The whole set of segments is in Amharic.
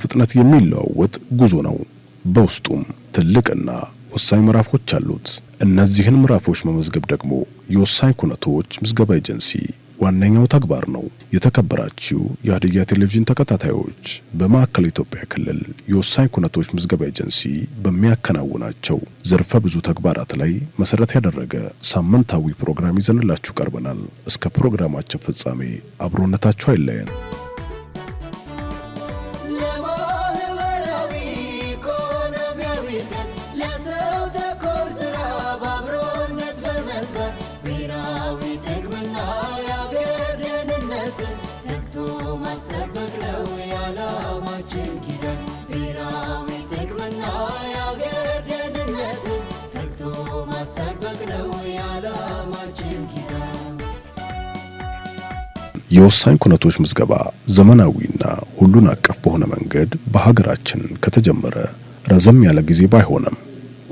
በፍጥነት የሚለዋወጥ ጉዞ ነው። በውስጡም ትልቅና ወሳኝ ምዕራፎች አሉት። እነዚህን ምዕራፎች መመዝገብ ደግሞ የወሳኝ ኩነቶች ምዝገባ ኤጀንሲ ዋነኛው ተግባር ነው። የተከበራችሁ የሀዲያ ቴሌቪዥን ተከታታዮች በማዕከል ኢትዮጵያ ክልል የወሳኝ ኩነቶች ምዝገባ ኤጀንሲ በሚያከናውናቸው ዘርፈ ብዙ ተግባራት ላይ መሰረት ያደረገ ሳምንታዊ ፕሮግራም ይዘንላችሁ ቀርበናል። እስከ ፕሮግራማችን ፍጻሜ አብሮነታችሁ አይለየን። የወሳኝ ኩነቶች ምዝገባ ዘመናዊና ሁሉን አቀፍ በሆነ መንገድ በሀገራችን ከተጀመረ ረዘም ያለ ጊዜ ባይሆንም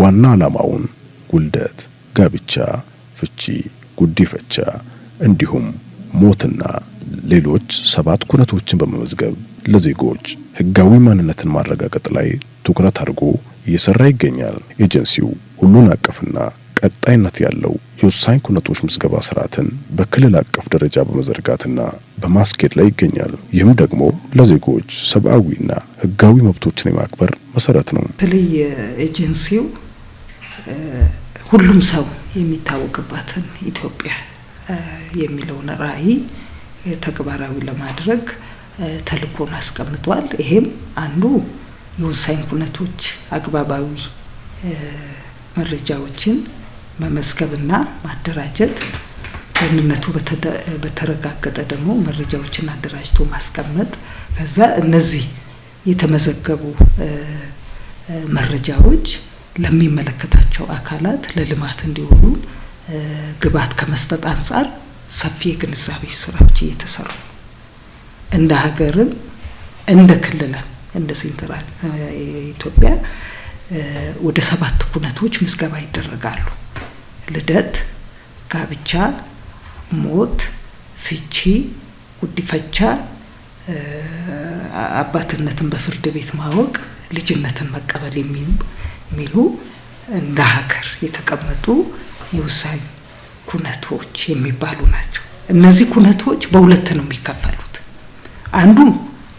ዋና ዓላማውን ውልደት፣ ጋብቻ፣ ፍቺ፣ ጉዲፈቻ እንዲሁም ሞትና ሌሎች ሰባት ኩነቶችን በመመዝገብ ለዜጎች ህጋዊ ማንነትን ማረጋገጥ ላይ ትኩረት አድርጎ እየሰራ ይገኛል። ኤጀንሲው ሁሉን አቀፍና ቀጣይነት ያለው የውሳኝ ኩነቶች ምዝገባ ስርዓትን በክልል አቀፍ ደረጃ በመዘርጋትና በማስኬድ ላይ ይገኛል። ይህም ደግሞ ለዜጎች ሰብአዊና ህጋዊ መብቶችን የማክበር መሰረት ነው። በተለይ ኤጀንሲው ሁሉም ሰው የሚታወቅባትን ኢትዮጵያ የሚለውን ራዕይ ተግባራዊ ለማድረግ ተልእኮን አስቀምጧል። ይሄም አንዱ የወሳኝ ኩነቶች አግባባዊ መረጃዎችን መመዝገብና ማደራጀት ደህንነቱ በተረጋገጠ ደግሞ መረጃዎችን አደራጅቶ ማስቀመጥ ከዛ እነዚህ የተመዘገቡ መረጃዎች ለሚመለከታቸው አካላት ለልማት እንዲሆኑ ግብዓት ከመስጠት አንጻር ሰፊ የግንዛቤ ስራዎች እየተሰሩ እንደ ሀገርም እንደ ክልል እንደ ሴንትራል ኢትዮጵያ ወደ ሰባት ኩነቶች ምዝገባ ይደረጋሉ። ልደት፣ ጋብቻ፣ ሞት፣ ፍቺ፣ ጉዲፈቻ፣ አባትነትን በፍርድ ቤት ማወቅ፣ ልጅነትን መቀበል የሚሉ እንደ ሀገር የተቀመጡ የውሳኝ ኩነቶች የሚባሉ ናቸው። እነዚህ ኩነቶች በሁለት ነው የሚከፈሉት። አንዱ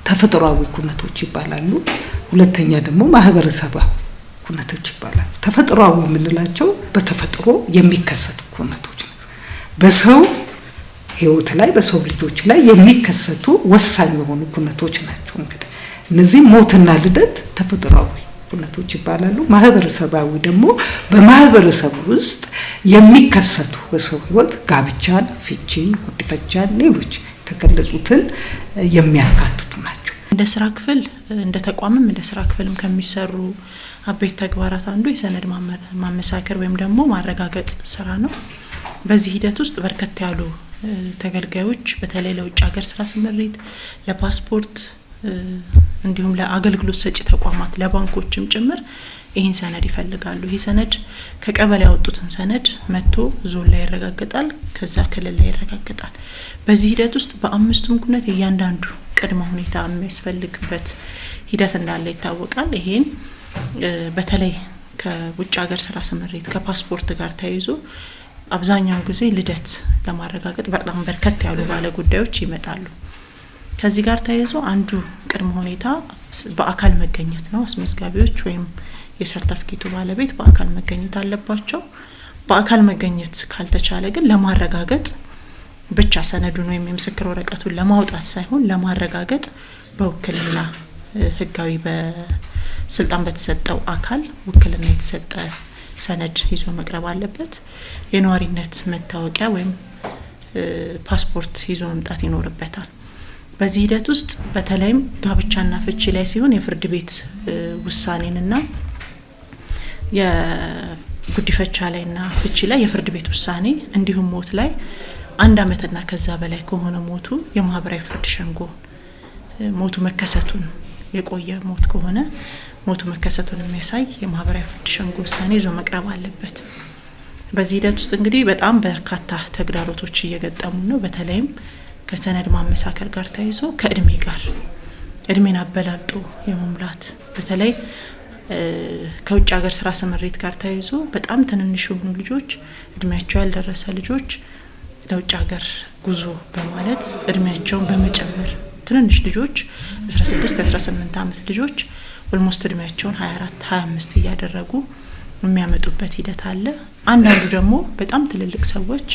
ተፈጥሯዊ ኩነቶች ይባላሉ። ሁለተኛ ደግሞ ማህበረሰባዊ ኩነቶች ይባላሉ። ተፈጥሯዊ የምንላቸው በተፈጥሮ የሚከሰቱ ኩነቶች ነው። በሰው ህይወት ላይ በሰው ልጆች ላይ የሚከሰቱ ወሳኝ የሆኑ ኩነቶች ናቸው። እንግዲህ እነዚህ ሞትና ልደት ተፈጥሯዊ ኩነቶች ይባላሉ። ማህበረሰባዊ ደግሞ በማህበረሰብ ውስጥ የሚከሰቱ በሰው ህይወት ጋብቻን፣ ፍቺን፣ ጉድፈቻን፣ ሌሎች የተገለጹትን የሚያካትቱ ናቸው። እንደ ስራ ክፍል እንደ ተቋምም እንደ ስራ ክፍልም ከሚሰሩ አበይት ተግባራት አንዱ የሰነድ ማመሳከር ወይም ደግሞ ማረጋገጥ ስራ ነው። በዚህ ሂደት ውስጥ በርከት ያሉ ተገልጋዮች በተለይ ለውጭ ሀገር ስራ ስምሪት፣ ለፓስፖርት እንዲሁም ለአገልግሎት ሰጪ ተቋማት ለባንኮችም ጭምር ይህን ሰነድ ይፈልጋሉ። ይህ ሰነድ ከቀበሌ ያወጡትን ሰነድ መጥቶ ዞን ላይ ይረጋገጣል፣ ከዛ ክልል ላይ ይረጋገጣል። በዚህ ሂደት ውስጥ በአምስቱም ኩነት የእያንዳንዱ ቅድመ ሁኔታ የሚያስፈልግበት ሂደት እንዳለ ይታወቃል። ይሄን በተለይ ከውጭ ሀገር ስራ ስምሪት ከፓስፖርት ጋር ተያይዞ አብዛኛውን ጊዜ ልደት ለማረጋገጥ በጣም በርከት ያሉ ባለ ጉዳዮች ይመጣሉ። ከዚህ ጋር ተያይዞ አንዱ ቅድመ ሁኔታ በአካል መገኘት ነው። አስመዝጋቢዎች ወይም የሰርተፍኬቱ ባለቤት በአካል መገኘት አለባቸው። በአካል መገኘት ካልተቻለ ግን ለማረጋገጥ ብቻ ሰነዱን ወይም የምስክር ወረቀቱን ለማውጣት ሳይሆን ለማረጋገጥ በውክልና ህጋዊ ስልጣን በተሰጠው አካል ውክልና የተሰጠ ሰነድ ይዞ መቅረብ አለበት። የነዋሪነት መታወቂያ ወይም ፓስፖርት ይዞ መምጣት ይኖርበታል። በዚህ ሂደት ውስጥ በተለይም ጋብቻና ፍቺ ላይ ሲሆን የፍርድ ቤት ውሳኔንና የጉዲፈቻ ላይና ፍቺ ላይ የፍርድ ቤት ውሳኔ እንዲሁም ሞት ላይ አንድ ዓመትና ከዛ በላይ ከሆነ ሞቱ የማህበራዊ ፍርድ ሸንጎ ሞቱ መከሰቱን የቆየ ሞት ከሆነ ሞቱ መከሰቱን የሚያሳይ የማህበራዊ ፍርድ ሸንጎ ውሳኔ ይዞ መቅረብ አለበት። በዚህ ሂደት ውስጥ እንግዲህ በጣም በርካታ ተግዳሮቶች እየገጠሙ ነው። በተለይም ከሰነድ ማመሳከር ጋር ተያይዞ ከእድሜ ጋር እድሜን አበላልጦ የመሙላት በተለይ ከውጭ ሀገር ስራ ስምሪት ጋር ተያይዞ በጣም ትንንሽ የሆኑ ልጆች እድሜያቸው ያልደረሰ ልጆች ለውጭ ሀገር ጉዞ በማለት እድሜያቸውን በመጨመር ትንንሽ ልጆች 16 18 ዓመት ልጆች ኦልሞስት እድሜያቸውን 24 25 እያደረጉ የሚያመጡበት ሂደት አለ። አንዳንዱ ደግሞ በጣም ትልልቅ ሰዎች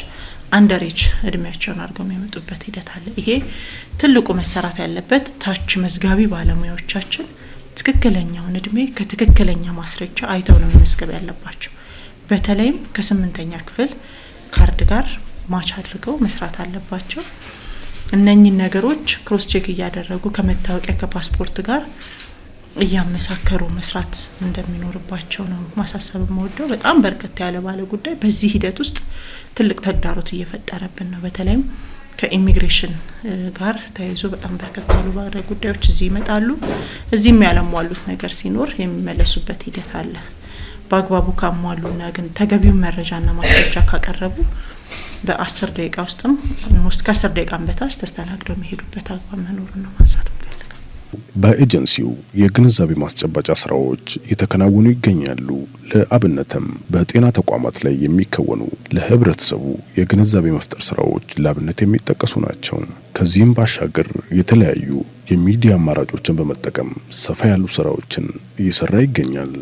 አንደሬጅ እድሜያቸውን አድርገው የሚያመጡበት ሂደት አለ። ይሄ ትልቁ መሰራት ያለበት ታች መዝጋቢ ባለሙያዎቻችን ትክክለኛውን እድሜ ከትክክለኛ ማስረጃ አይተው ነው መመዝገብ ያለባቸው። በተለይም ከስምንተኛ ክፍል ካርድ ጋር ማች አድርገው መስራት አለባቸው። እነኚህን ነገሮች ክሮስ ቼክ እያደረጉ ከመታወቂያ ከፓስፖርት ጋር እያመሳከሩ መስራት እንደሚኖርባቸው ነው ማሳሰብ መወደው። በጣም በርከት ያለ ባለ ጉዳይ በዚህ ሂደት ውስጥ ትልቅ ተግዳሮት እየፈጠረብን ነው። በተለይም ከኢሚግሬሽን ጋር ተያይዞ በጣም በርከት ያሉ ባለ ጉዳዮች እዚህ ይመጣሉ። እዚህም ያለሟሉት ነገር ሲኖር የሚመለሱበት ሂደት አለ። በአግባቡ ካሟሉና ግን ተገቢውን መረጃና ማስረጃ ካቀረቡ በአስር ደቂቃ ውስጥም ውስጥ ከአስር ደቂቃን በታች ተስተናግደው የሚሄዱበት አግባብ መኖሩን ነው ማንሳት በኤጀንሲው የግንዛቤ ማስጨበጫ ስራዎች የተከናወኑ ይገኛሉ። ለአብነትም በጤና ተቋማት ላይ የሚከወኑ ለህብረተሰቡ የግንዛቤ መፍጠር ስራዎች ለአብነት የሚጠቀሱ ናቸው። ከዚህም ባሻገር የተለያዩ የሚዲያ አማራጮችን በመጠቀም ሰፋ ያሉ ስራዎችን እየሰራ ይገኛል።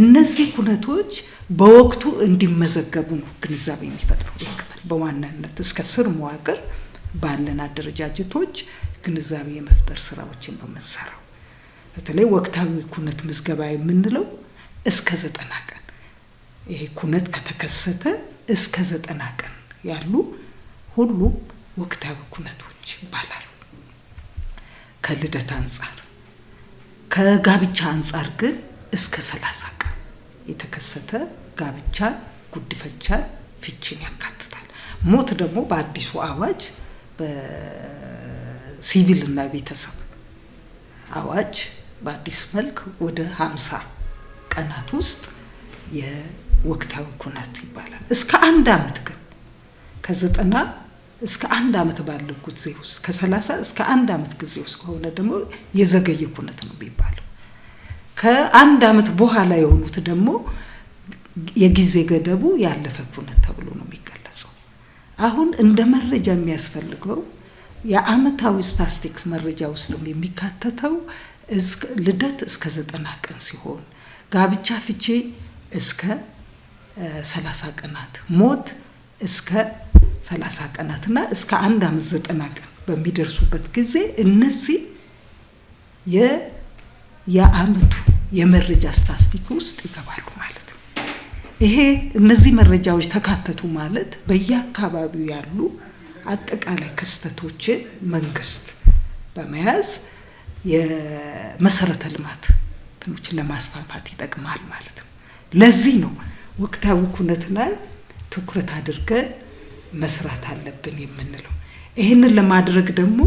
እነዚህ ሁነቶች በወቅቱ እንዲመዘገቡ ነው ግንዛቤ የሚፈጥረው ክፍል በዋናነት እስከ ስር መዋቅር ባለን አደረጃጀቶች ግንዛቤ የመፍጠር ስራዎችን ነው የምንሰራው። በተለይ ወቅታዊ ኩነት ምዝገባ የምንለው እስከ ዘጠና ቀን ይሄ ኩነት ከተከሰተ እስከ ዘጠና ቀን ያሉ ሁሉም ወቅታዊ ኩነቶች ይባላሉ። ከልደት አንጻር ከጋብቻ አንጻር ግን እስከ ሰላሳ ቀን የተከሰተ ጋብቻ፣ ጉድፈቻ፣ ፍቺን ያካትታል። ሞት ደግሞ በአዲሱ አዋጅ በሲቪል እና ቤተሰብ አዋጅ በአዲስ መልክ ወደ ሀምሳ ቀናት ውስጥ የወቅታዊ ኩነት ይባላል። እስከ አንድ አመት ግን ከዘጠና እስከ አንድ አመት ባለው ጊዜ ውስጥ ከሰላሳ እስከ አንድ አመት ጊዜ ውስጥ ከሆነ ደግሞ የዘገየ ኩነት ነው የሚባለው። ከአንድ አመት በኋላ የሆኑት ደግሞ የጊዜ ገደቡ ያለፈ ኩነት ተብሎ ነው የሚገለጸው። አሁን እንደ መረጃ የሚያስፈልገው የአመታዊ ስታስቲክስ መረጃ ውስጥም የሚካተተው ልደት እስከ ዘጠና ቀን ሲሆን ጋብቻ ፍቺ እስከ ሰላሳ ቀናት ሞት እስከ ሰላሳ ቀናትና እስከ አንድ አመት ዘጠና ቀን በሚደርሱበት ጊዜ እነዚህ የአመቱ የመረጃ ስታስቲክ ውስጥ ይገባሉ ማለት ነው። ይሄ እነዚህ መረጃዎች ተካተቱ ማለት በየአካባቢው ያሉ አጠቃላይ ክስተቶችን መንግስት በመያዝ የመሰረተ ልማት ትኖችን ለማስፋፋት ይጠቅማል ማለት ነው። ለዚህ ነው ወቅታዊ ኩነት ላይ ትኩረት አድርገን መስራት አለብን የምንለው። ይህንን ለማድረግ ደግሞ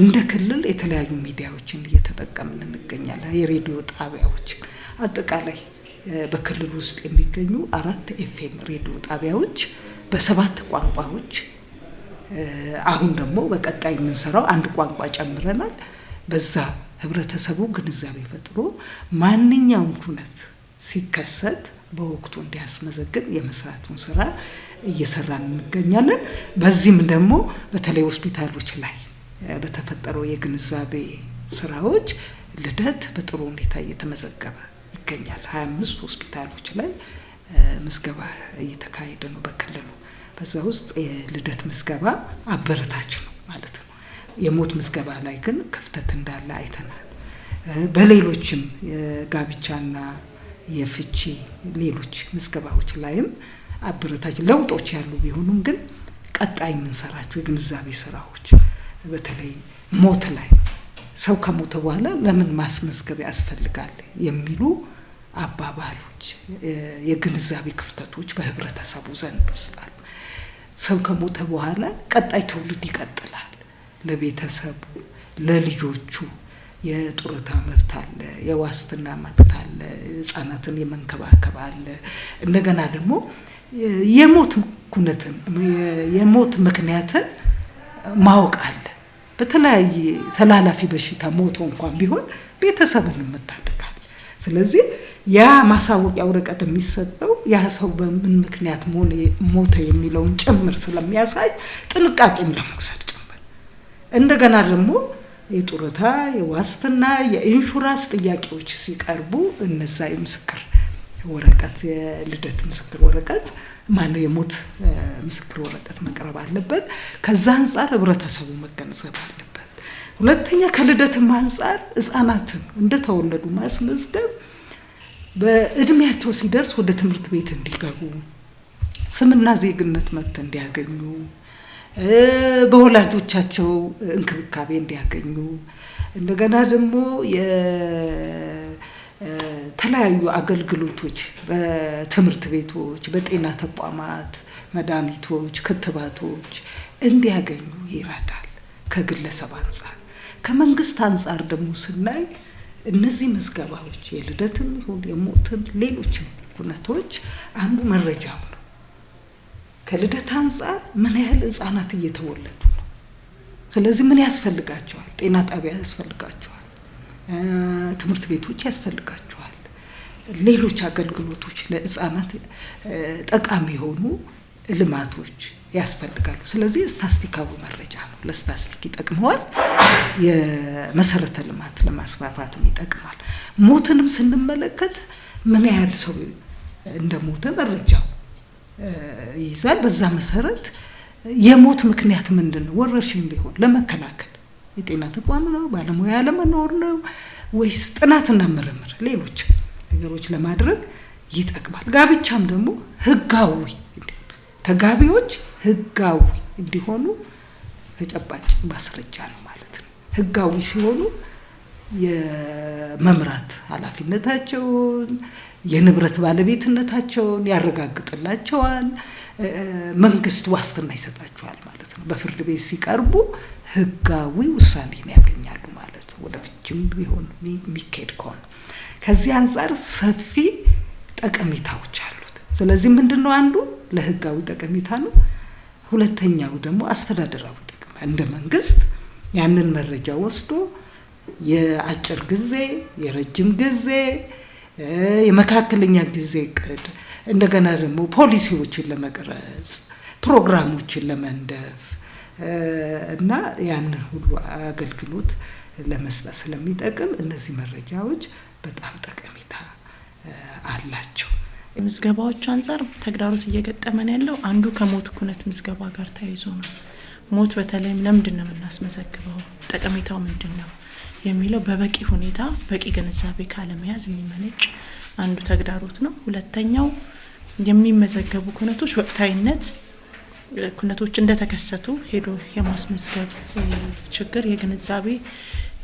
እንደ ክልል የተለያዩ ሚዲያዎችን እየተጠቀምን እንገኛለን። የሬዲዮ ጣቢያዎችን አጠቃላይ በክልሉ ውስጥ የሚገኙ አራት ኤፍኤም ሬዲዮ ጣቢያዎች በሰባት ቋንቋዎች አሁን ደግሞ በቀጣይ የምንሰራው አንድ ቋንቋ ጨምረናል። በዛ ህብረተሰቡ ግንዛቤ ፈጥሮ ማንኛውም ሁነት ሲከሰት በወቅቱ እንዲያስመዘግብ የመስራቱን ስራ እየሰራን እንገኛለን። በዚህም ደግሞ በተለይ ሆስፒታሎች ላይ በተፈጠረው የግንዛቤ ስራዎች ልደት በጥሩ ሁኔታ እየተመዘገበ ይገኛል። ሀያ አምስት ሆስፒታሎች ላይ ምዝገባ እየተካሄደ ነው በክልሉ። በዛ ውስጥ የልደት ምዝገባ አበረታች ነው ማለት ነው። የሞት ምዝገባ ላይ ግን ክፍተት እንዳለ አይተናል። በሌሎችም የጋብቻና የፍቺ ሌሎች ምዝገባዎች ላይም አበረታች ለውጦች ያሉ ቢሆኑም ግን ቀጣይ የምንሰራቸው የግንዛቤ ስራዎች በተለይ ሞት ላይ ሰው ከሞተ በኋላ ለምን ማስመዝገብ ያስፈልጋል የሚሉ አባባሎች፣ የግንዛቤ ክፍተቶች በህብረተሰቡ ዘንድ ውስጥ አሉ። ሰው ከሞተ በኋላ ቀጣይ ትውልድ ይቀጥላል። ለቤተሰቡ ለልጆቹ የጡረታ መብት አለ፣ የዋስትና መብት አለ፣ ህጻናትን የመንከባከብ አለ። እንደገና ደግሞ የሞት ኩነትን የሞት ምክንያትን ማወቅ አለ። በተለያየ ተላላፊ በሽታ ሞቶ እንኳን ቢሆን ቤተሰብን የምታድጋል ስለዚህ ያ ማሳወቂያ ወረቀት የሚሰጠው ያ ሰው በምን ምክንያት ሞተ የሚለውን ጭምር ስለሚያሳይ ጥንቃቄም ለመውሰድ ጭምር እንደገና ደግሞ የጡረታ የዋስትና የኢንሹራንስ ጥያቄዎች ሲቀርቡ እነዛ የምስክር ወረቀት የልደት ምስክር ወረቀት ማን የሞት ምስክር ወረቀት መቅረብ አለበት። ከዛ አንጻር ህብረተሰቡ መገንዘብ አለበት። ሁለተኛ ከልደትም አንጻር ህጻናትን እንደተወለዱ ማስመዝገብ በእድሜያቸው ሲደርስ ወደ ትምህርት ቤት እንዲገቡ ስምና ዜግነት መብት እንዲያገኙ በወላጆቻቸው እንክብካቤ እንዲያገኙ እንደገና ደግሞ የተለያዩ አገልግሎቶች በትምህርት ቤቶች፣ በጤና ተቋማት መድኃኒቶች፣ ክትባቶች እንዲያገኙ ይረዳል ከግለሰብ አንጻር። ከመንግስት አንጻር ደግሞ ስናይ እነዚህ ምዝገባዎች የልደትም ይሁን የሞትም ሌሎችም ሁነቶች አንዱ መረጃው ነው። ከልደት አንጻር ምን ያህል ህጻናት እየተወለዱ ነው? ስለዚህ ምን ያስፈልጋቸዋል? ጤና ጣቢያ ያስፈልጋቸዋል፣ ትምህርት ቤቶች ያስፈልጋቸዋል፣ ሌሎች አገልግሎቶች ለህጻናት ጠቃሚ የሆኑ ልማቶች ያስፈልጋሉ። ስለዚህ ስታስቲካዊ መረጃ ነው፣ ለስታስቲክ ይጠቅመዋል። የመሰረተ ልማት ለማስፋፋትም ይጠቅማል። ሞትንም ስንመለከት ምን ያህል ሰው እንደሞተ መረጃው ይይዛል። በዛ መሰረት የሞት ምክንያት ምንድን ነው፣ ወረርሽኝ ቢሆን ለመከላከል የጤና ተቋም ነው፣ ባለሙያ ለመኖር ነው ወይስ ጥናትና ምርምር፣ ሌሎች ነገሮች ለማድረግ ይጠቅማል። ጋብቻም ደግሞ ህጋዊ ተጋቢዎች ህጋዊ እንዲሆኑ ተጨባጭ ማስረጃ ነው ማለት ነው። ህጋዊ ሲሆኑ የመምራት ኃላፊነታቸውን የንብረት ባለቤትነታቸውን ያረጋግጥላቸዋል። መንግስት ዋስትና ይሰጣቸዋል ማለት ነው። በፍርድ ቤት ሲቀርቡ ህጋዊ ነው ያገኛሉ ማለት ነው። ወደ ፍችም ቢሆን የሚካሄድ ከሆነ ከዚህ አንጻር ሰፊ ጠቀሜታዎች አሉት። ስለዚህ ምንድን ነው አንዱ ለህጋዊ ጠቀሜታ ነው። ሁለተኛው ደግሞ አስተዳደራዊ ጥቅም እንደ መንግስት ያንን መረጃ ወስዶ የአጭር ጊዜ፣ የረጅም ጊዜ፣ የመካከለኛ ጊዜ እቅድ እንደገና ደግሞ ፖሊሲዎችን ለመቅረጽ ፕሮግራሞችን ለመንደፍ እና ያንን ሁሉ አገልግሎት ለመስጠት ስለሚጠቅም እነዚህ መረጃዎች በጣም ጠቀሜታ አላቸው። ምዝገባዎች አንጻር ተግዳሮት እየገጠመን ያለው አንዱ ከሞት ኩነት ምዝገባ ጋር ተያይዞ ነው። ሞት በተለይም ለምንድን ነው የምናስመዘግበው፣ ጠቀሜታው ምንድን ነው የሚለው በበቂ ሁኔታ በቂ ግንዛቤ ካለመያዝ የሚመነጭ አንዱ ተግዳሮት ነው። ሁለተኛው የሚመዘገቡ ኩነቶች ወቅታዊነት ኩነቶች እንደተከሰቱ ሄዶ የማስመዝገብ ችግር፣ የግንዛቤ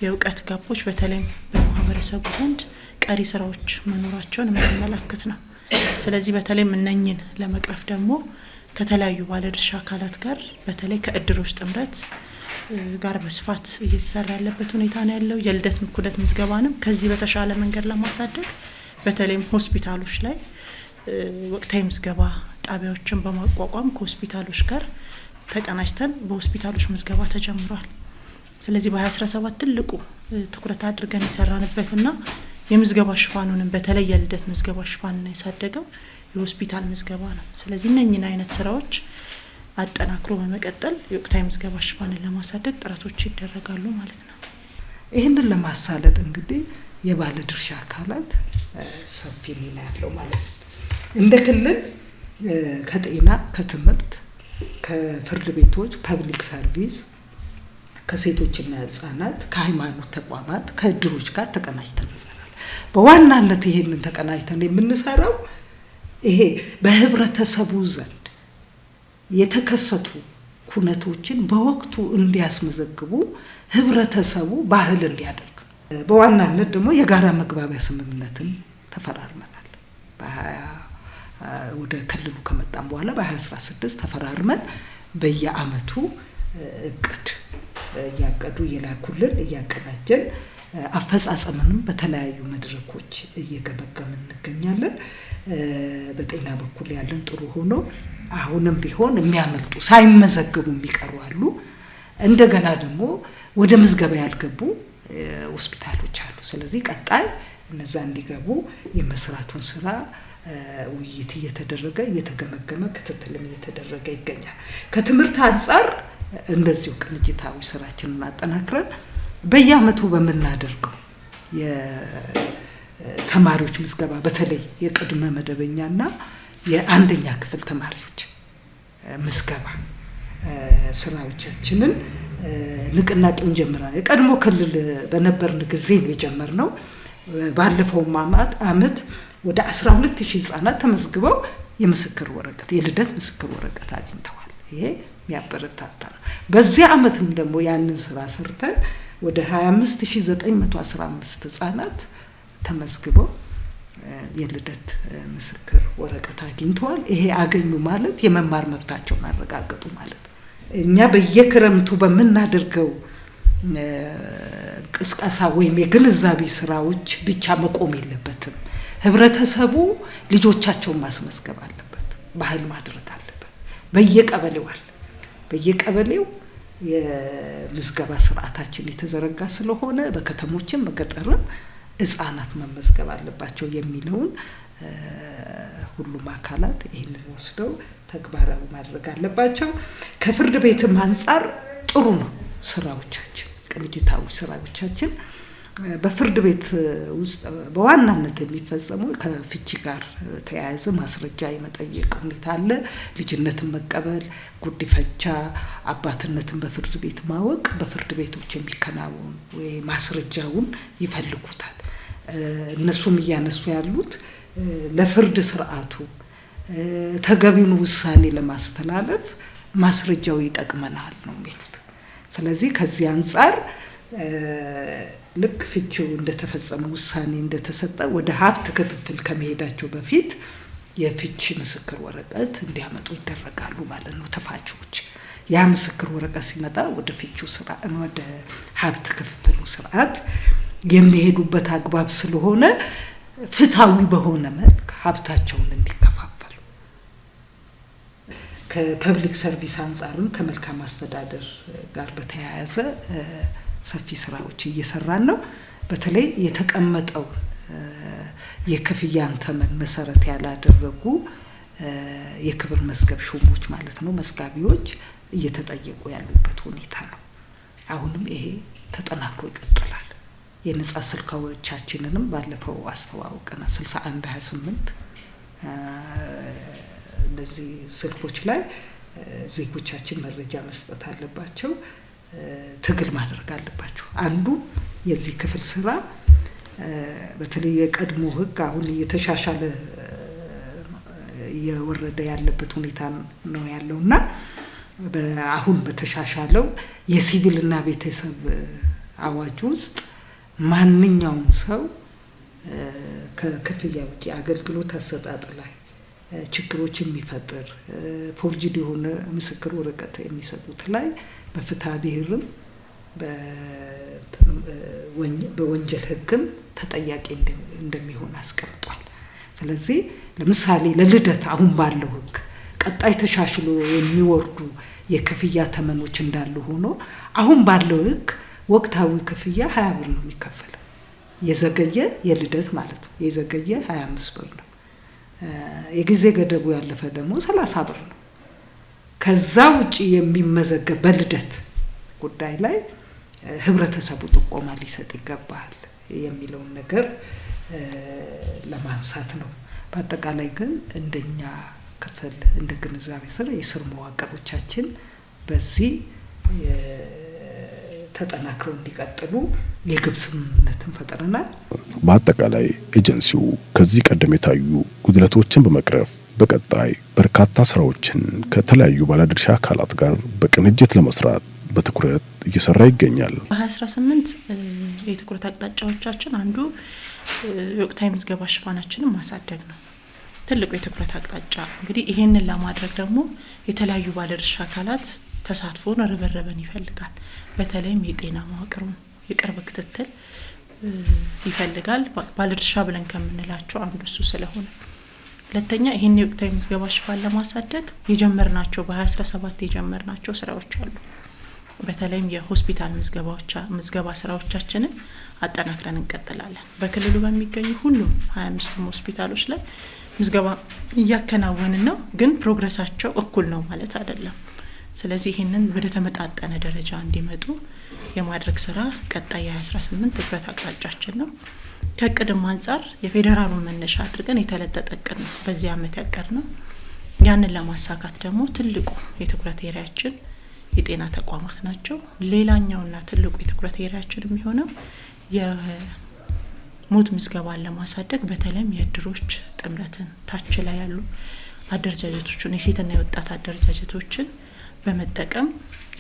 የእውቀት ጋቦች በተለይም በማህበረሰቡ ዘንድ ቀሪ ስራዎች መኖራቸውን የሚያመላክት ነው። ስለዚህ በተለይም እነኝን ለመቅረፍ ደግሞ ከተለያዩ ባለድርሻ አካላት ጋር በተለይ ከእድሮች ጥምረት ጋር በስፋት እየተሰራ ያለበት ሁኔታ ነው ያለው። የልደት እኩለት ምዝገባንም ከዚህ በተሻለ መንገድ ለማሳደግ በተለይም ሆስፒታሎች ላይ ወቅታዊ ምዝገባ ጣቢያዎችን በማቋቋም ከሆስፒታሎች ጋር ተቀናጅተን በሆስፒታሎች ምዝገባ ተጀምሯል። ስለዚህ በ2017 ትልቁ ትኩረት አድርገን የሰራንበትና የምዝገባ ሽፋኑንም በተለይ የልደት ምዝገባ ሽፋን የሳደገው የሆስፒታል ምዝገባ ነው። ስለዚህ እነኝን አይነት ስራዎች አጠናክሮ በመቀጠል የወቅታዊ ምዝገባ ሽፋንን ለማሳደግ ጥረቶች ይደረጋሉ ማለት ነው። ይህንን ለማሳለጥ እንግዲህ የባለ ድርሻ አካላት ሰፊ ሚና ያለው ማለት ነው። እንደ ክልል ከጤና፣ ከትምህርት፣ ከፍርድ ቤቶች፣ ፐብሊክ ሰርቪስ፣ ከሴቶችና ህጻናት፣ ከሃይማኖት ተቋማት፣ ከእድሮች ጋር ተቀናጅተን በዋናነት ይሄንን ተቀናጅተን የምንሰራው ይሄ በህብረተሰቡ ዘንድ የተከሰቱ ኩነቶችን በወቅቱ እንዲያስመዘግቡ ህብረተሰቡ ባህል እንዲያደርግ በዋናነት ደግሞ የጋራ መግባቢያ ስምምነትን ተፈራርመናል። ወደ ክልሉ ከመጣም በኋላ በ2016 ተፈራርመን በየአመቱ እቅድ እያቀዱ እየላኩልን እያቀናጀን አፈጻጸምንም በተለያዩ መድረኮች እየገመገምን እንገኛለን። በጤና በኩል ያለን ጥሩ ሆኖ አሁንም ቢሆን የሚያመልጡ ሳይመዘገቡ የሚቀሩ አሉ። እንደገና ደግሞ ወደ ምዝገባ ያልገቡ ሆስፒታሎች አሉ። ስለዚህ ቀጣይ እነዛ እንዲገቡ የመስራቱን ስራ ውይይት እየተደረገ እየተገመገመ ክትትልም እየተደረገ ይገኛል። ከትምህርት አንጻር እንደዚሁ ቅንጅታዊ ስራችንን አጠናክረን በየአመቱ በምናደርገው የተማሪዎች ምዝገባ በተለይ የቅድመ መደበኛና የአንደኛ ክፍል ተማሪዎች ምዝገባ ስራዎቻችንን ንቅናቄውን ጀምረናል። የቀድሞ ክልል በነበርን ጊዜ ነው የጀመርነው። ባለፈው ማማት አመት ወደ 12 ሺህ ህጻናት ተመዝግበው የምስክር ወረቀት የልደት ምስክር ወረቀት አግኝተዋል። ይሄ የሚያበረታታ ነው። በዚያ አመትም ደግሞ ያንን ስራ ሰርተን ወደ 25915 ህጻናት ተመዝግበው የልደት ምስክር ወረቀት አግኝተዋል። ይሄ አገኙ ማለት የመማር መብታቸውን ማረጋገጡ ማለት ነው። እኛ በየክረምቱ በምናደርገው ቅስቀሳ ወይም የግንዛቤ ስራዎች ብቻ መቆም የለበትም። ህብረተሰቡ ልጆቻቸውን ማስመዝገብ አለበት፣ ባህል ማድረግ አለበት። በየቀበሌዋል በየቀበሌው የምዝገባ ስርዓታችን የተዘረጋ ስለሆነ በከተሞችም በገጠርም ሕጻናት መመዝገብ አለባቸው የሚለውን ሁሉም አካላት ይህንን ወስደው ተግባራዊ ማድረግ አለባቸው። ከፍርድ ቤትም አንጻር ጥሩ ነው ስራዎቻችን፣ ቅንጅታዊ ስራዎቻችን በፍርድ ቤት ውስጥ በዋናነት የሚፈጸሙ ከፍቺ ጋር ተያያዘ ማስረጃ የመጠየቅ ሁኔታ አለ። ልጅነትን መቀበል፣ ጉዲፈቻ፣ አባትነትን በፍርድ ቤት ማወቅ በፍርድ ቤቶች የሚከናወኑ ማስረጃውን ይፈልጉታል። እነሱም እያነሱ ያሉት ለፍርድ ስርዓቱ ተገቢውን ውሳኔ ለማስተላለፍ ማስረጃው ይጠቅመናል ነው የሚሉት። ስለዚህ ከዚህ አንጻር ልክ ፍቺው እንደተፈጸመ ውሳኔ እንደተሰጠ ወደ ሀብት ክፍፍል ከመሄዳቸው በፊት የፍቺ ምስክር ወረቀት እንዲያመጡ ይደረጋሉ ማለት ነው ተፋቾች። ያ ምስክር ወረቀት ሲመጣ ወደ ፍቺው ስርዓት ወደ ሀብት ክፍፍሉ ስርዓት የሚሄዱበት አግባብ ስለሆነ ፍትሐዊ በሆነ መልክ ሀብታቸውን እንዲከፋፈሉ ከፐብሊክ ሰርቪስ አንጻርም ከመልካም አስተዳደር ጋር በተያያዘ ሰፊ ስራዎች እየሰራን ነው። በተለይ የተቀመጠው የክፍያን ተመን መሰረት ያላደረጉ የክብር መዝገብ ሹሞች ማለት ነው መዝጋቢዎች እየተጠየቁ ያሉበት ሁኔታ ነው። አሁንም ይሄ ተጠናክሮ ይቀጥላል። የነጻ ስልካዎቻችንንም ባለፈው አስተዋውቀና 61 28 እነዚህ ስልኮች ላይ ዜጎቻችን መረጃ መስጠት አለባቸው። ትግል ማድረግ አለባቸው። አንዱ የዚህ ክፍል ስራ በተለይ የቀድሞ ህግ አሁን እየተሻሻለ እየወረደ ያለበት ሁኔታ ነው ያለው እና አሁን በተሻሻለው የሲቪልና ቤተሰብ አዋጅ ውስጥ ማንኛውም ሰው ከክፍያ ውጭ አገልግሎት አሰጣጥ ላይ ችግሮች የሚፈጥር ፎርጅድ የሆነ ምስክር ወረቀት የሚሰጡት ላይ በፍትሐ ብሔርም በወንጀል ሕግም ተጠያቂ እንደሚሆን አስቀምጧል። ስለዚህ ለምሳሌ ለልደት አሁን ባለው ሕግ ቀጣይ ተሻሽሎ የሚወርዱ የክፍያ ተመኖች እንዳሉ ሆኖ አሁን ባለው ሕግ ወቅታዊ ክፍያ ሀያ ብር ነው የሚከፈለው። የዘገየ የልደት ማለት ነው። የዘገየ ሀያ አምስት ብር ነው። የጊዜ ገደቡ ያለፈ ደግሞ ሰላሳ ብር ነው። ከዛ ውጭ የሚመዘገብ በልደት ጉዳይ ላይ ህብረተሰቡ ጥቆማ ሊሰጥ ይገባል የሚለውን ነገር ለማንሳት ነው። በአጠቃላይ ግን እንደኛ ክፍል እንደ ግንዛቤ ስር የስር መዋቅሮቻችን በዚህ ተጠናክረው እንዲቀጥሉ የግብ ስምምነትን ፈጥረናል። በአጠቃላይ ኤጀንሲው ከዚህ ቀደም የታዩ ጉድለቶችን በመቅረፍ በቀጣይ በርካታ ስራዎችን ከተለያዩ ባለድርሻ አካላት ጋር በቅንጅት ለመስራት በትኩረት እየሰራ ይገኛል። በ2018 የትኩረት አቅጣጫዎቻችን አንዱ የወቅታዊ ምዝገባ ሽፋናችንን ማሳደግ ነው ትልቁ የትኩረት አቅጣጫ። እንግዲህ ይህንን ለማድረግ ደግሞ የተለያዩ ባለድርሻ አካላት ተሳትፎን ረበረበን ይፈልጋል። በተለይም የጤና መዋቅሩን የቅርብ ክትትል ይፈልጋል። ባለድርሻ ብለን ከምንላቸው አንዱ እሱ ስለሆነ፣ ሁለተኛ ይህን የወቅታዊ ምዝገባ ሽፋን ለማሳደግ የጀመርናቸው በ2017 የጀመርናቸው ስራዎች አሉ። በተለይም የሆስፒታል ምዝገባ ስራዎቻችንን አጠናክረን እንቀጥላለን። በክልሉ በሚገኙ ሁሉም 25ቱም ሆስፒታሎች ላይ ምዝገባ እያከናወንን ነው። ግን ፕሮግረሳቸው እኩል ነው ማለት አይደለም። ስለዚህ ይህንን ወደ ተመጣጠነ ደረጃ እንዲመጡ የማድረግ ስራ ቀጣይ የ2018 ትኩረት አቅጣጫችን ነው። ከቅድም አንጻር የፌዴራሉን መነሻ አድርገን የተለጠጠ እቅድ ነው በዚህ አመት ያቀድ ነው። ያንን ለማሳካት ደግሞ ትልቁ የትኩረት ኤሪያችን የጤና ተቋማት ናቸው። ሌላኛውና ትልቁ የትኩረት ኤሪያችን የሚሆነው የሞት ምዝገባን ለማሳደግ በተለይም የእድሮች ጥምረትን ታች ላይ ያሉ አደረጃጀቶችን የሴትና የወጣት አደረጃጀቶችን በመጠቀም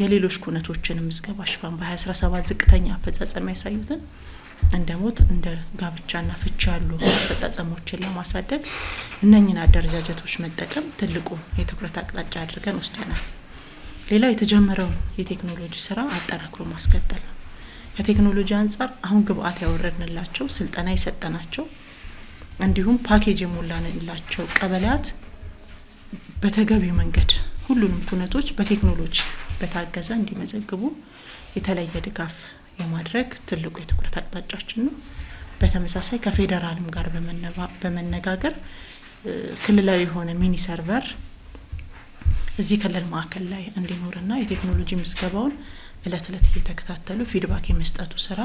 የሌሎች ኩነቶችን ምዝገባ ሽፋን በ2017 ዝቅተኛ አፈጻጸም ያሳዩትን እንደ ሞት እንደ ጋብቻና ፍች ያሉ አፈጻጸሞችን ለማሳደግ እነኝን አደረጃጀቶች መጠቀም ትልቁ የትኩረት አቅጣጫ አድርገን ወስደናል። ሌላው የተጀመረውን የቴክኖሎጂ ስራ አጠናክሮ ማስቀጠል ነው። ከቴክኖሎጂ አንጻር አሁን ግብአት ያወረድንላቸው ስልጠና የሰጠናቸው እንዲሁም ፓኬጅ የሞላንላቸው ቀበሌያት በተገቢው መንገድ ሁሉንም ኩነቶች በቴክኖሎጂ በታገዘ እንዲመዘግቡ የተለየ ድጋፍ የማድረግ ትልቁ የትኩረት አቅጣጫችን ነው። በተመሳሳይ ከፌዴራልም ጋር በመነጋገር ክልላዊ የሆነ ሚኒ ሰርቨር እዚህ ክልል ማዕከል ላይ እንዲኖርና የቴክኖሎጂ ምዝገባውን እለት እለት እየተከታተሉ ፊድባክ የመስጠቱ ስራ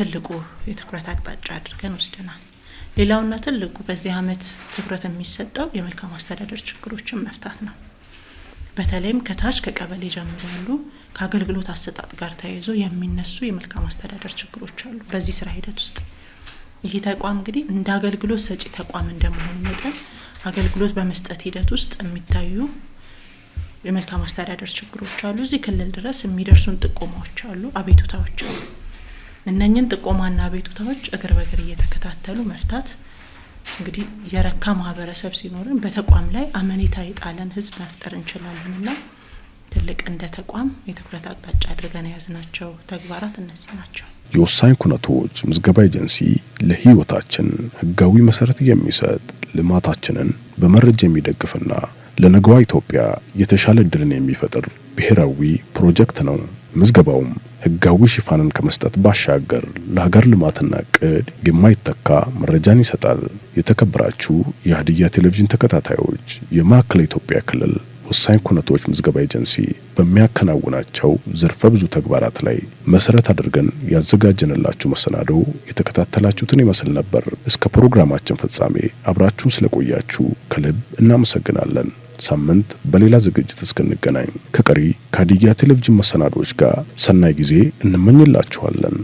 ትልቁ የትኩረት አቅጣጫ አድርገን ወስደናል። ሌላውና ትልቁ በዚህ አመት ትኩረት የሚሰጠው የመልካም አስተዳደር ችግሮችን መፍታት ነው። በተለይም ከታች ከቀበሌ ጀምሮ ያሉ ከአገልግሎት አሰጣጥ ጋር ተያይዞ የሚነሱ የመልካም አስተዳደር ችግሮች አሉ። በዚህ ስራ ሂደት ውስጥ ይሄ ተቋም እንግዲህ እንደ አገልግሎት ሰጪ ተቋም እንደመሆኑ መጠን አገልግሎት በመስጠት ሂደት ውስጥ የሚታዩ የመልካም አስተዳደር ችግሮች አሉ። እዚህ ክልል ድረስ የሚደርሱን ጥቆማዎች አሉ፣ አቤቱታዎች አሉ። እነኝን ጥቆማና አቤቱታዎች እግር በእግር እየተከታተሉ መፍታት እንግዲህ የረካ ማህበረሰብ ሲኖርን በተቋም ላይ አመኔታ የጣለን ህዝብ መፍጠር እንችላለን እና ትልቅ እንደ ተቋም የትኩረት አቅጣጫ አድርገን የያዝናቸው ተግባራት እነዚህ ናቸው። የወሳኝ ኩነቶች ምዝገባ ኤጀንሲ ለህይወታችን ህጋዊ መሰረት የሚሰጥ ልማታችንን በመረጃ የሚደግፍና ለነገዋ ኢትዮጵያ የተሻለ እድልን የሚፈጥር ብሔራዊ ፕሮጀክት ነው። ምዝገባውም ህጋዊ ሽፋንን ከመስጠት ባሻገር ለሀገር ልማትና ቅድ የማይተካ መረጃን ይሰጣል። የተከበራችሁ የሀዲያ ቴሌቪዥን ተከታታዮች የማዕከላዊ ኢትዮጵያ ክልል ወሳኝ ኩነቶች ምዝገባ ኤጀንሲ በሚያከናውናቸው ዘርፈ ብዙ ተግባራት ላይ መሰረት አድርገን ያዘጋጀንላችሁ መሰናዶ የተከታተላችሁትን ይመስል ነበር። እስከ ፕሮግራማችን ፍጻሜ አብራችሁን ስለቆያችሁ ከልብ እናመሰግናለን። ሳምንት በሌላ ዝግጅት እስክንገናኝ ከቀሪ ሀዲያ ቴሌቪዥን መሰናዶዎች ጋር ሰናይ ጊዜ እንመኝላችኋለን።